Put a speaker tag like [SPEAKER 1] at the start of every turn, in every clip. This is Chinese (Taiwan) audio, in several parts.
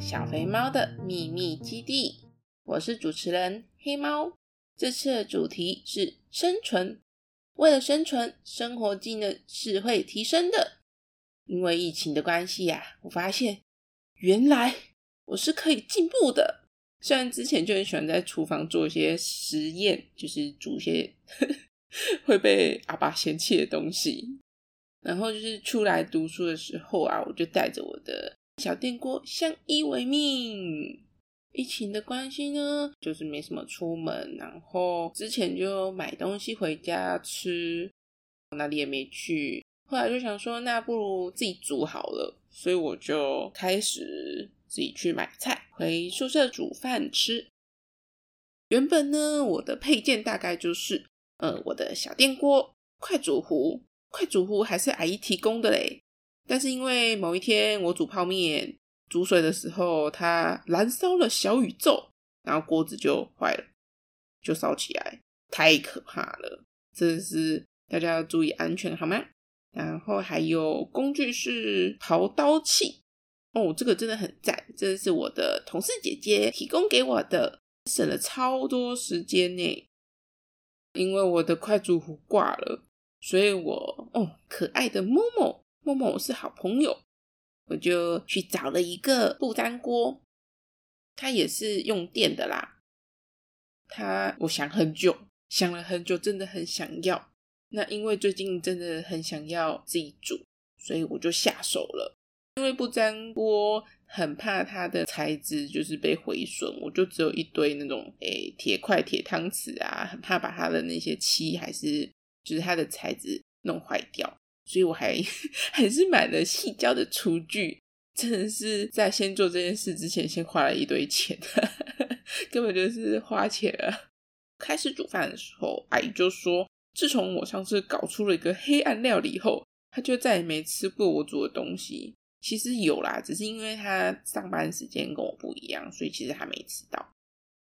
[SPEAKER 1] 小肥貓的秘密基地，我是主持人黑貓。這次的主題是生存。為了生存，生活技能是會提升的。因為疫情的關係啊，我發現原來我是可以進步的。雖然之前就很喜歡在廚房做一些實驗，就是煮一些呵呵，會被阿爸嫌棄的東西。然後就是出來讀書的時候啊，我就帶着我的。小電鍋相依為命，疫情的關係呢，就是沒什麼出門，然後之前就買東西回家吃，哪裡也沒去。後來就想說，那不如自己煮好了，所以我就開始自己去買菜，回宿舍煮飯吃。原本呢，我的配件大概就是，呃，我的小電鍋、快煮壺、快煮壺還是阿姨提供的嘞。但是因為某一天我煮泡麵、煮水的時候，它燃燒了小宇宙，然後鍋子就壞了，就燒起來，太可怕了！真是大家要注意安全，好嗎？然後還有工具是刨刀器，哦，這個真的很讚，這是我的同事姐姐提供給我的，省了超多時間呢。因為我的快煮壺掛了，所以我哦，可愛的木木。默默，我是好朋友，我就去找了一個不粘鍋，它也是用電的啦。它，我想很久，想了很久，真的很想要。那因為最近真的很想要自己煮，所以我就下手了。因為不粘鍋很怕它的材質就是被毀損，我就只有一堆那種誒鐵塊、鐵湯匙啊，很怕把它的那些漆還是就是它的材質弄壞掉。所以，我還還是買了細膠的廚具，真的是在先做這件事之前，先花了一堆錢呵呵，根本就是花錢了。開始煮飯的時候，阿姨就說：“自從我上次搞出了一個黑暗料理以後，他就再也沒吃過我煮的東西。”其實有啦，只是因為他上班時間跟我不一樣，所以其實還沒吃到。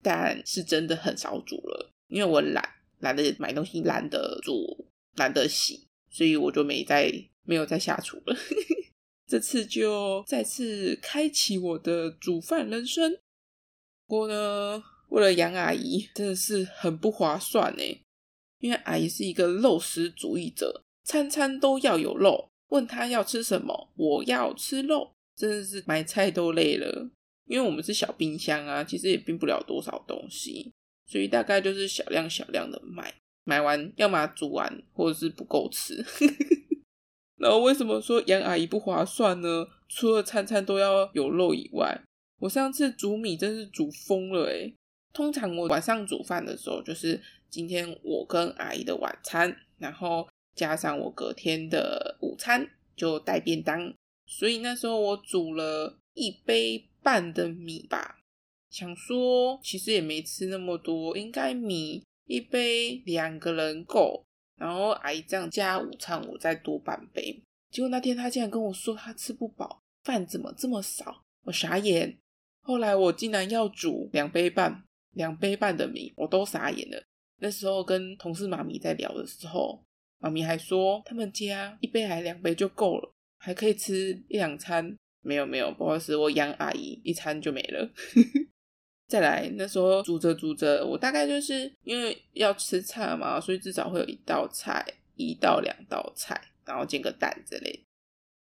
[SPEAKER 1] 但是真的很少煮了，因為我懶，懶得買東西，懶得煮，懶得洗。所以我就沒再沒有再下廚了。 這次就再次開啟我的煮飯人生。不過呢，為了養阿姨，真的是很不划算哎，因為阿姨是一個肉食主義者，餐餐都要有肉。問她要吃什麼，我要吃肉，真的是買菜都累了。因為我們是小冰箱啊，其實也冰不了多少東西，所以大概就是小量小量的買買完，要麼煮完，或者是不夠吃。 然後為什麼說養阿姨不划算呢？除了餐餐都要有肉以外，我上次煮米真是煮瘋了誒。通常我晚上煮飯的時候，就是今天我跟阿姨的晚餐，然後加上我隔天的午餐，就帶便當。所以那時候我煮了一杯半的米吧，想說其實也沒吃那麼多，應該米。一杯兩個人夠，然後阿姨這樣加午餐，我再多半杯。結果那天她竟然跟我說她吃不飽，飯怎麼這麼少？我傻眼。後來我竟然要煮兩杯半，兩杯半的米，我都傻眼了。那時候跟同事媽咪在聊的時候，媽咪還說他們家一杯還兩杯就夠了，還可以吃一兩餐。沒有沒有，不好意思，我養阿姨一餐就沒了。 再來，那時候煮着煮着，我大概就是因為要吃菜嘛，所以至少會有一道菜，一道兩道菜，然後煎個蛋之類，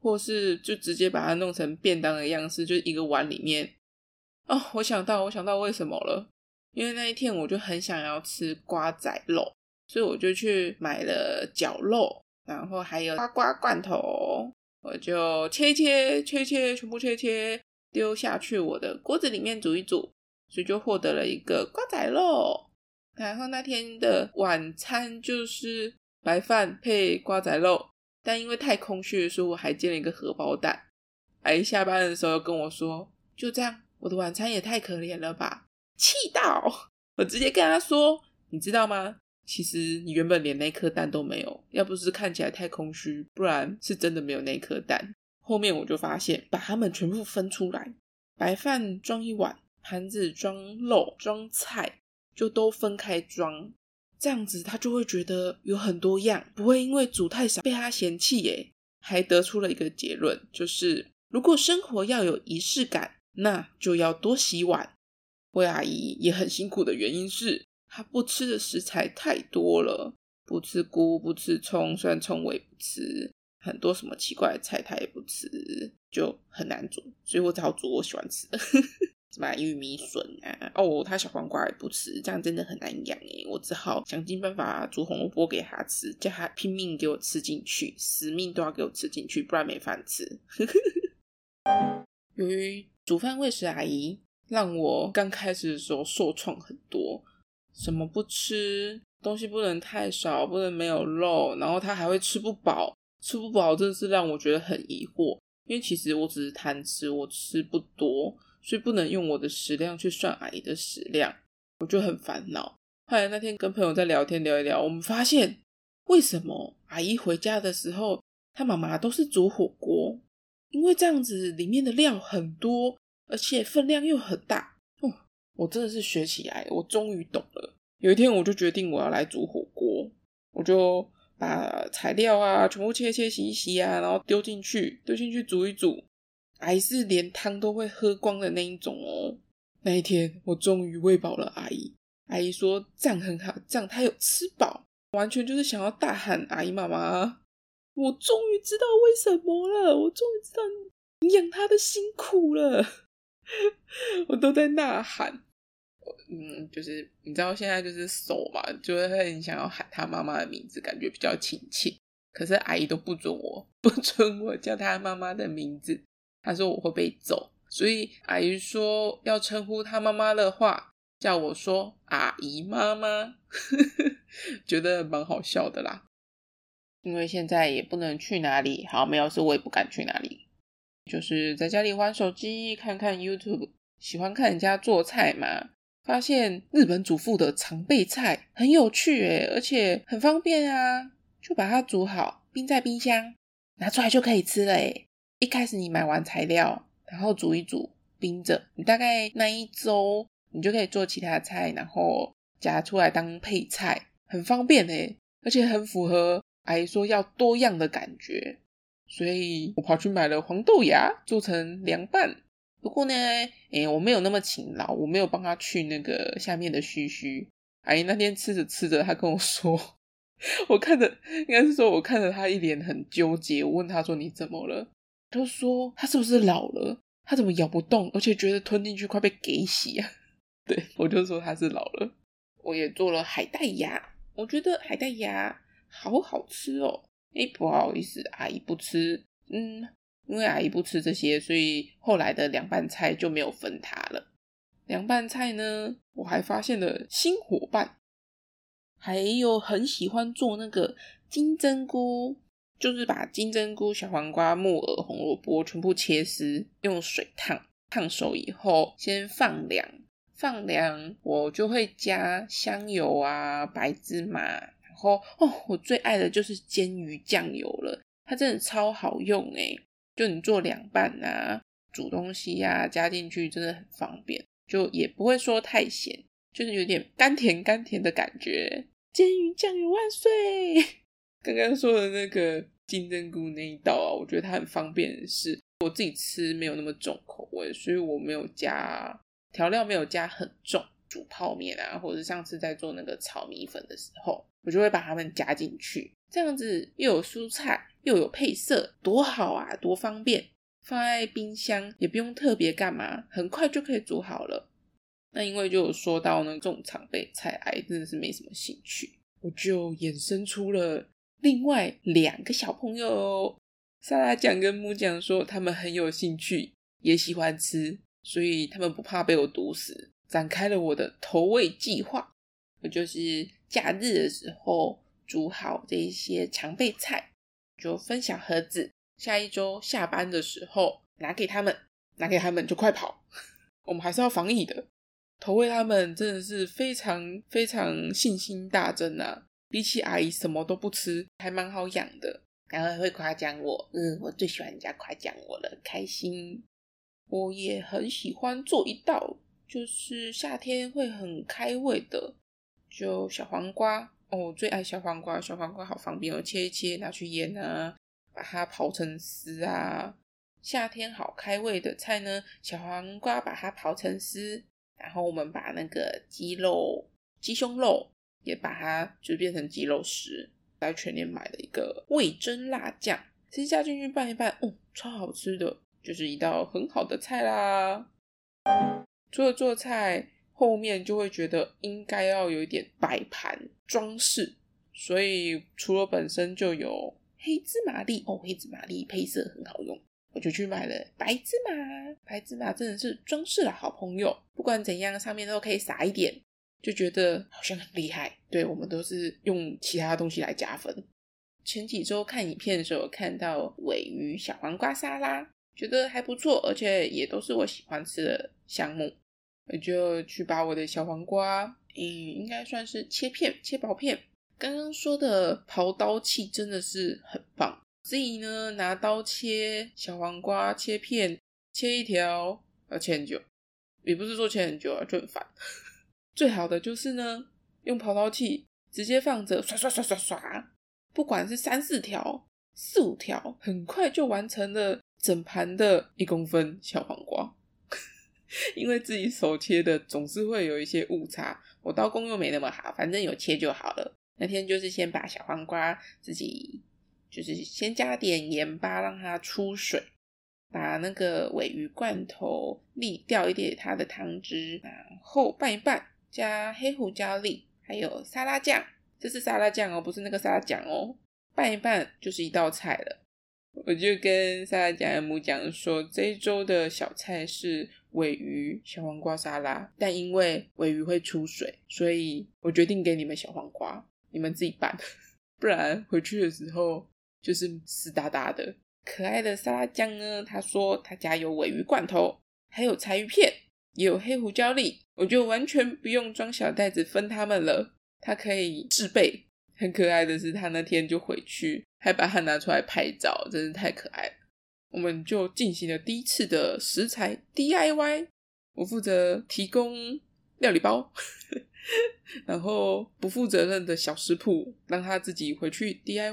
[SPEAKER 1] 或是就直接把它弄成便當的樣式，就一個碗裡面。哦，我想到，我想到為什麼了，因為那一天我就很想要吃瓜仔肉，所以我就去買了絞肉，然後還有瓜瓜罐頭，我就切一切切一切，全部切一切，丟下去我的鍋子裡面煮一煮。所以就獲得了一個瓜仔肉，然後那天的晚餐就是白飯配瓜仔肉，但因為太空虛，所以我還煎了一個荷包蛋。阿姨下班的時候又跟我說，就這樣，我的晚餐也太可憐了吧！氣到我直接跟他說，你知道嗎？其實你原本連那顆蛋都沒有，要不是看起來太空虛，不然是真的沒有那顆蛋。後面我就發現，把它們全部分出來，白飯裝一碗。盤子裝肉裝菜就都分開裝，這樣子他就會覺得有很多樣，不會因為煮太少被他嫌棄耶。還得出了一個結論，就是如果生活要有儀式感，那就要多洗碗。魏阿姨也很辛苦的原因是，她不吃的食材太多了，不吃菇，不吃蔥，雖然蔥我也不吃，很多什麼奇怪的菜她也不吃，就很難煮，所以我只好煮我喜歡吃的。 買玉米筍啊！哦，他小黃瓜也不吃，這樣真的很難養哎！我只好想盡辦法煮紅蘿蔔給他吃，叫他拼命給我吃進去，死命都要給我吃進去，不然沒飯吃。由 於煮飯餵食阿姨讓我剛開始的時候受創很多，什麼不吃，東西不能太少，不能沒有肉，然後他還會吃不飽，吃不飽真的是讓我覺得很疑惑，因為其實我只是貪吃，我吃不多。所以不能用我的食量去算阿姨的食量，我就很煩惱。後來那天跟朋友在聊天聊一聊，我們發現為什麼阿姨回家的時候，她媽媽都是煮火鍋，因為這樣子裡面的料很多，而且分量又很大。哦，我真的是學起來，我終於懂了。有一天我就決定我要來煮火鍋，我就把材料啊全部切切洗洗啊，然後丟進去，丟進去煮一煮。還是連湯都會喝光的那一種哦、喔。那一天，我終於餵飽了阿姨。阿姨說：“這樣很好，這樣他有吃飽，完全就是想要大喊阿姨媽媽。”我終於知道為什麼了，我終於知道你養他的辛苦了。 我都在吶喊，嗯，就是你知道現在就是手嘛，就是很想要喊他媽媽的名字，感覺比較親切。可是阿姨都不准我，不准我叫他媽媽的名字。他說我會被揍，所以阿姨說要稱呼她媽媽的話，叫我說阿姨媽媽呵呵，覺得蠻好笑的啦。因為現在也不能去哪裡，好沒有事，我也不敢去哪裡，就是在家裡玩手機，看看 YouTube，喜歡看人家做菜嘛。發現日本主婦的常備菜很有趣誒，而且很方便啊，就把它煮好，冰在冰箱，拿出來就可以吃了誒。一開始你買完材料，然後煮一煮，冰着，你大概那一周你就可以做其他的菜，然後夾出來當配菜，很方便誒，而且很符合阿姨說要多樣的感覺。所以我跑去買了黃豆芽，做成涼拌。不過呢，誒、欸，我沒有那麼勤勞，我沒有幫他去那個下面的鬚鬚。阿姨那天吃着吃着，他跟我說，我看着，應該是說我看着他一臉很糾結，我問他說你怎麼了？就說他是不是老了？他怎麼咬不動？而且覺得吞進去快被給洗啊？ 對，我就說他是老了。我也做了海帶芽，我覺得海帶芽好好吃哦。誒、欸、不好意思，阿姨不吃。嗯，因為阿姨不吃這些，所以後來的涼拌菜就沒有分他了。涼拌菜呢，我還發現了新夥伴，還有很喜歡做那個金針菇。就是把金針菇、小黃瓜、木耳、紅蘿蔔全部切絲，用水燙，燙熟以後先放涼，放涼我就會加香油啊、白芝麻，然後哦，我最愛的就是煎魚醬油了，它真的超好用哎、欸！就你做涼拌啊、煮東西呀、啊，加進去真的很方便，就也不會說太鹹，就是有點甘甜甘甜的感覺。煎魚醬油萬歲！剛剛說的那個。金針菇那一道啊，我覺得它很方便的是，是我自己吃沒有那麼重口味，所以我沒有加調料，沒有加很重。煮泡麵啊，或者是上次在做那個炒米粉的時候，我就會把它們加進去，這樣子又有蔬菜，又有配色，多好啊，多方便！放在冰箱也不用特別幹嘛，很快就可以煮好了。那因為就有說到呢，這種常備菜，哎，真的是沒什麼興趣，我就衍生出了。另外兩個小朋友，薩拉醬跟木醬說，他們很有興趣，也喜歡吃，所以他們不怕被我毒死。展開了我的投餵計劃，我就是假日的時候煮好這些常備菜，就分享盒子。下一周下班的時候拿給他們，拿給他們就快跑。 我們還是要防疫的，投餵他們真的是非常非常信心大增啊。比起阿姨什麼都不吃，還蠻好養的。然後會誇獎我，嗯，我最喜歡人家誇獎我了，開心。我也很喜歡做一道，就是夏天會很開胃的，就小黃瓜。哦，我最愛小黃瓜，小黃瓜好方便哦，我切一切拿去醃啊，把它刨成絲啊。夏天好開胃的菜呢，小黃瓜把它刨成絲，然後我們把那個雞肉，雞胸肉。也把它就變成雞肉食，在全聯買了一個味噌辣醬，先加進去拌一拌，哦，超好吃的，就是一道很好的菜啦。除了做菜，後面就會覺得應該要有一點擺盤裝飾，所以除了本身就有黑芝麻粒，哦，黑芝麻粒配色很好用，我就去買了白芝麻，白芝麻真的是裝飾的好朋友，不管怎樣上面都可以撒一點。就覺得好像很厲害，對我們都是用其他東西來加分。前幾周看影片的時候，看到鮪魚小黃瓜沙拉，覺得還不錯，而且也都是我喜歡吃的項目，我就去把我的小黃瓜，嗯，應該算是切片，切薄片。剛剛說的刨刀器真的是很棒。所以呢，拿刀切小黃瓜，切片，切一條要切很久，也不是說切很久啊，就很煩。最好的就是呢，用刨刀器直接放着刷刷刷刷刷，不管是三四條、四五條，很快就完成了整盤的一公分小黃瓜。 因為自己手切的總是會有一些誤差，我刀工又沒那麼好，反正有切就好了。那天就是先把小黃瓜自己就是先加點鹽巴讓它出水，把那個鮪魚罐頭瀝掉一點它的湯汁，然後拌一拌。加黑胡椒粒，還有沙拉醬。這是沙拉醬哦，不是那個沙拉醬哦。拌一拌就是一道菜了。我就跟沙拉醬的母講說，這一周的小菜是鮪魚小黃瓜沙拉，但因為鮪魚會出水，所以我決定給你們小黃瓜，你們自己拌。 不然回去的時候就是濕噠噠的。可愛的沙拉醬呢？他說他家有鮪魚罐頭，還有柴魚片。也有黑胡椒粒，我就完全不用裝小袋子分他們了，它可以自備。很可愛的是，他那天就回去，還把它拿出來拍照，真是太可愛了。我們就進行了第一次的食材 DIY，我負責提供料理包， 然後不負責任的小食譜，讓他自己回去 DIY，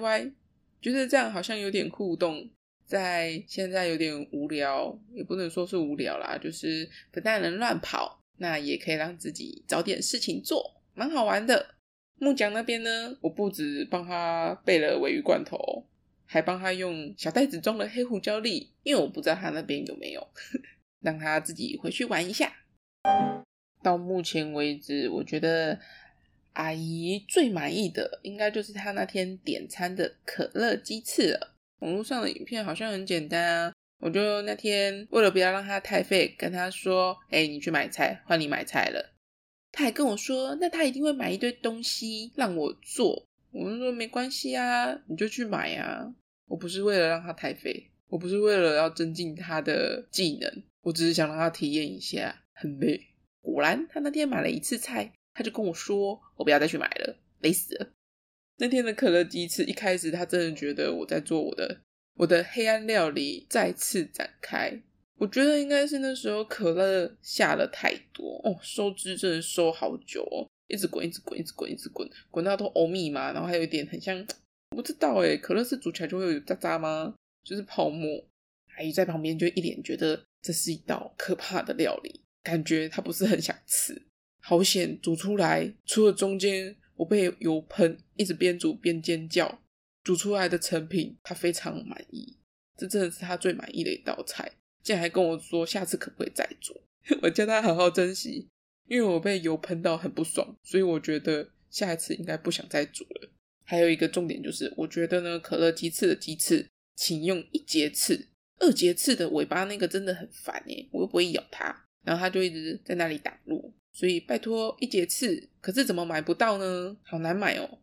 [SPEAKER 1] 覺得、就是、這樣，好像有點互動。在現在有點無聊，也不能說是無聊啦，就是不但能亂跑，那也可以讓自己找點事情做，蠻好玩的。木匠那邊呢，我不止幫他備了鮪魚罐頭，還幫他用小袋子裝了黑胡椒粒，因為我不知道他那邊有沒有， 讓他自己回去玩一下。到目前為止，我覺得阿姨最滿意的應該就是他那天點餐的可樂雞翅了。網絡上的影片好像很簡單啊，我就那天為了不要讓他太廢，跟他說：“哎、欸，你去買菜，換你買菜了。”他還跟我說：“那他一定會買一堆東西讓我做。”我就說：“沒關係啊，你就去買啊，我不是為了讓他太廢，我不是為了要增進他的技能，我只是想讓他體驗一下很累。”果然，他那天買了一次菜，他就跟我說：“我不要再去買了，累死了。”那天的可樂雞翅，一開始他真的覺得我在做我的我的黑暗料理，再次展開。我覺得應該是那時候可樂下了太多哦，收汁真的收好久哦，一直滾，一直滾，一直滾，一直滾，滾到都歐密嘛。然後還有一點很像，不知道誒，可樂是煮起來就會有渣渣嗎？就是泡沫。阿姨在旁邊就一臉覺得這是一道可怕的料理，感覺他不是很想吃。好險煮出來，除了中間。我被油噴，一直邊煮邊尖叫。煮出來的成品，他非常滿意。這真的是他最滿意的一道菜。竟然還跟我說下次可不可以再煮？我叫他好好珍惜，因為我被油噴到很不爽，所以我覺得下一次應該不想再煮了。還有一個重點就是，我覺得呢，可樂雞翅的雞翅，請用一節翅，二節翅的尾巴那個真的很煩誒，我又不會咬它，然後它就一直在那裡擋路。所以拜託一節次，可是怎麼買不到呢？好難買哦！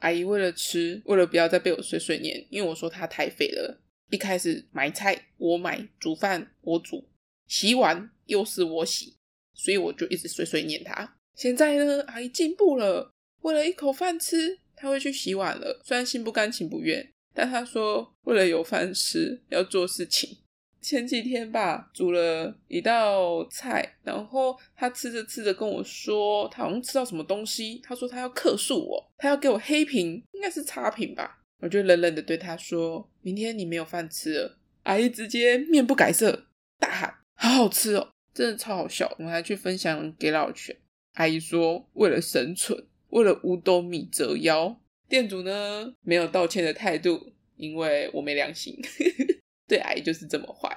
[SPEAKER 1] 阿姨為了吃，為了不要再被我碎碎念，因為我說她太肥了。一開始買菜我買，煮飯我煮，洗碗又是我洗，所以我就一直碎碎念她。現在呢，阿姨進步了，為了一口飯吃，她會去洗碗了。雖然心不甘情不願，但她說為了有飯吃，要做事情。前幾天吧，煮了一道菜，然後他吃着吃着跟我說，他好像吃到什麼東西。他說他要客訴我，他要給我黑評，應該是差評吧。我就冷冷的對他說：“明天你沒有飯吃了。”阿姨直接面不改色，大喊：“好好吃哦、喔，真的超好笑。”我們還去分享給老全。阿姨說：“為了生存，為了五斗米折腰。”店主呢，沒有道歉的態度，因為我沒良心。 對，阿姨就是這麼壞。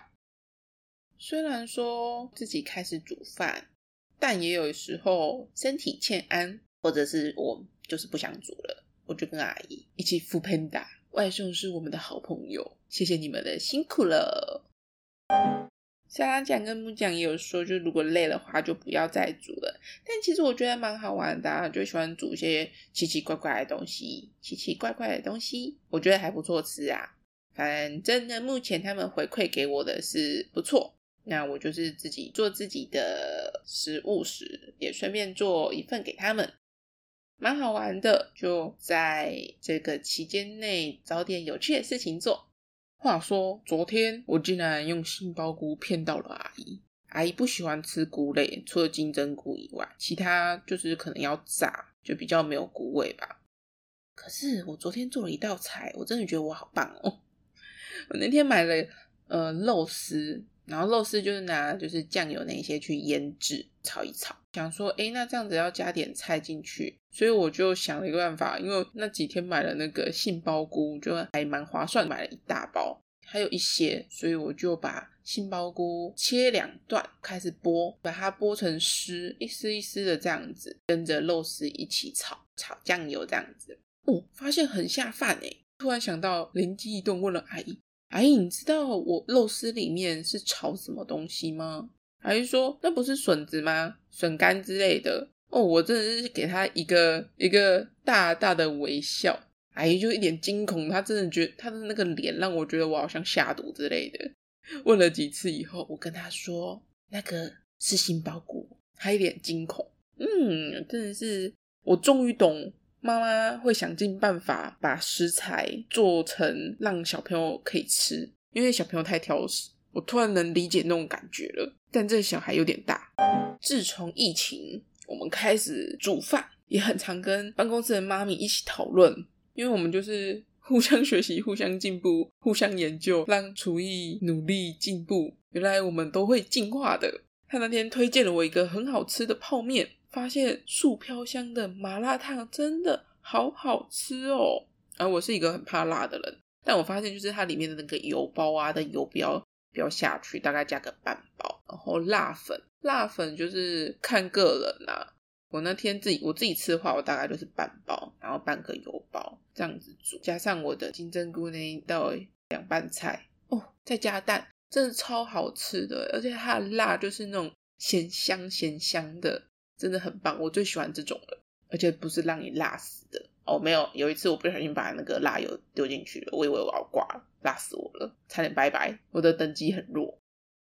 [SPEAKER 1] 雖然說自己開始煮飯，但也有時候身體欠安，或者是我就是不想煮了，我就跟阿姨一起富胖達。外送是我們的好朋友，謝謝你們的辛苦了。沙拉講跟木匠也有說，就如果累的話就不要再煮了。但其實我覺得蠻好玩的啊，就喜歡煮一些奇奇怪怪的東西，奇奇怪怪的東西，我覺得還不錯吃啊。反正呢，目前他們回饋給我的是不錯，那我就是自己做自己的食物時，也順便做一份給他們，蠻好玩的。就在這個期間內找點有趣的事情做。話說，昨天我竟然用杏鮑菇騙到了阿姨。阿姨不喜歡吃菇類，除了金針菇以外，其他就是可能要炸，就比較沒有菇味吧。可是我昨天做了一道菜，我真的覺得我好棒哦。我那天買了呃肉絲，然後肉絲就是拿就是醬油那些去醃製炒一炒，想說哎、欸、那這樣子要加點菜進去，所以我就想了一個辦法，因為那幾天買了那個杏鮑菇，就還蠻划算，買了一大包，還有一些，所以我就把杏鮑菇切兩段開始剝，把它剝成絲，一絲一絲的這樣子，跟着肉絲一起炒，炒醬油這樣子，哦，發現很下飯哎，突然想到靈機一動，問了阿姨。哎阿、哎、姨，你知道我肉絲裡面是炒什麼東西嗎？還是說那不是筍子嗎？筍乾之類的？哦，我真的是給他一個一個大大的微笑。阿姨就一臉驚恐，他真的覺得他的那個臉讓我覺得我好像下毒之類的。問了幾次以後，我跟他說那個是杏鮑菇，他一臉驚恐。嗯，真的是我終於懂。媽媽會想盡辦法把食材做成讓小朋友可以吃，因為小朋友太挑食。我突然能理解那種感覺了，但這小孩有點大。自從疫情，我們開始煮飯，也很常跟辦公室的媽咪一起討論，因為我們就是互相學習、互相進步、互相研究，讓廚藝努力進步。原來我們都會進化的。他那天推薦了我一個很好吃的泡麵，發現素飄香的麻辣燙真的好好吃哦！而、啊、我是一個很怕辣的人，但我發現就是它裡面的那個油包啊的油不要不要下去，大概加個半包，然後辣粉，辣粉就是看個人啦、啊。我那天自己我自己吃的話，我大概就是半包，然後半個油包這樣子煮，加上我的金針菇那一道涼拌菜哦，再加蛋。真的超好吃的，而且它的辣就是那種鹹香鹹香的，真的很棒。我最喜歡這種了，而且不是讓你辣死的哦。沒有有一次我不小心把那個辣油丟進去了，我以為我要掛了，辣死我了，差點拜拜。我的等級很弱。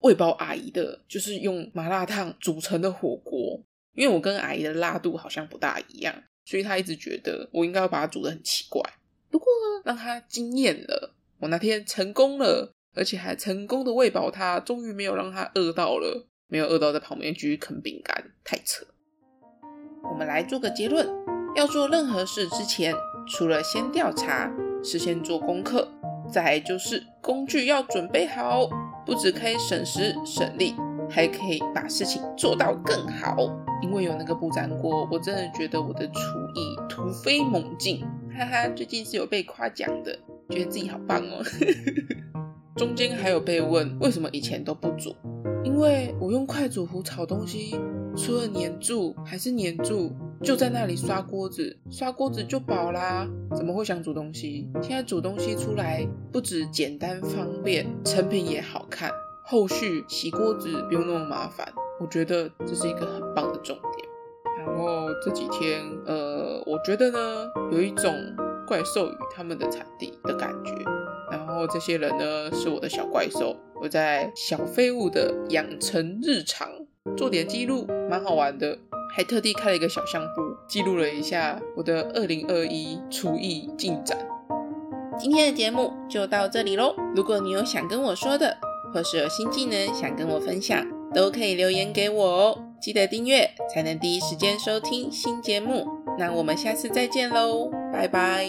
[SPEAKER 1] 我也包阿姨的就是用麻辣燙煮成的火鍋，因為我跟阿姨的辣度好像不大一樣，所以她一直覺得我應該要把它煮得很奇怪。不過呢，讓她驚豔了，我那天成功了。而且還成功的餵飽他，終於沒有讓他餓到了，沒有餓到在旁邊繼續啃餅乾，太扯。我們來做個結論，要做任何事之前，除了先調查、事先做功課，再就是工具要準備好，不只可以省時省力，還可以把事情做到更好。因為有那個不粘鍋，我真的覺得我的廚藝突飛猛進，哈哈，最近是有被誇獎的，覺得自己好棒哦， 中間還有被問為什麼以前都不煮，因為我用快煮壺炒東西，除了粘住還是粘住，就在那裡刷鍋子，刷鍋子就飽啦。怎麼會想煮東西？現在煮東西出來，不止簡單方便，成品也好看，後續洗鍋子不用那麼麻煩。我覺得這是一個很棒的重點。然後這幾天，呃，我覺得呢，有一種怪獸與他們的產地的感覺。然後這些人呢，是我的小怪獸，我在小廢物的養成日常做點記錄，蠻好玩的，還特地開了一個小相簿，記錄了一下我的二零二一廚藝進展。今天的節目就到這裡嘍，如果你有想跟我說的，或是有新技能想跟我分享，都可以留言給我哦。記得訂閱才能第一時間收聽新節目，那我們下次再見嘍，拜拜。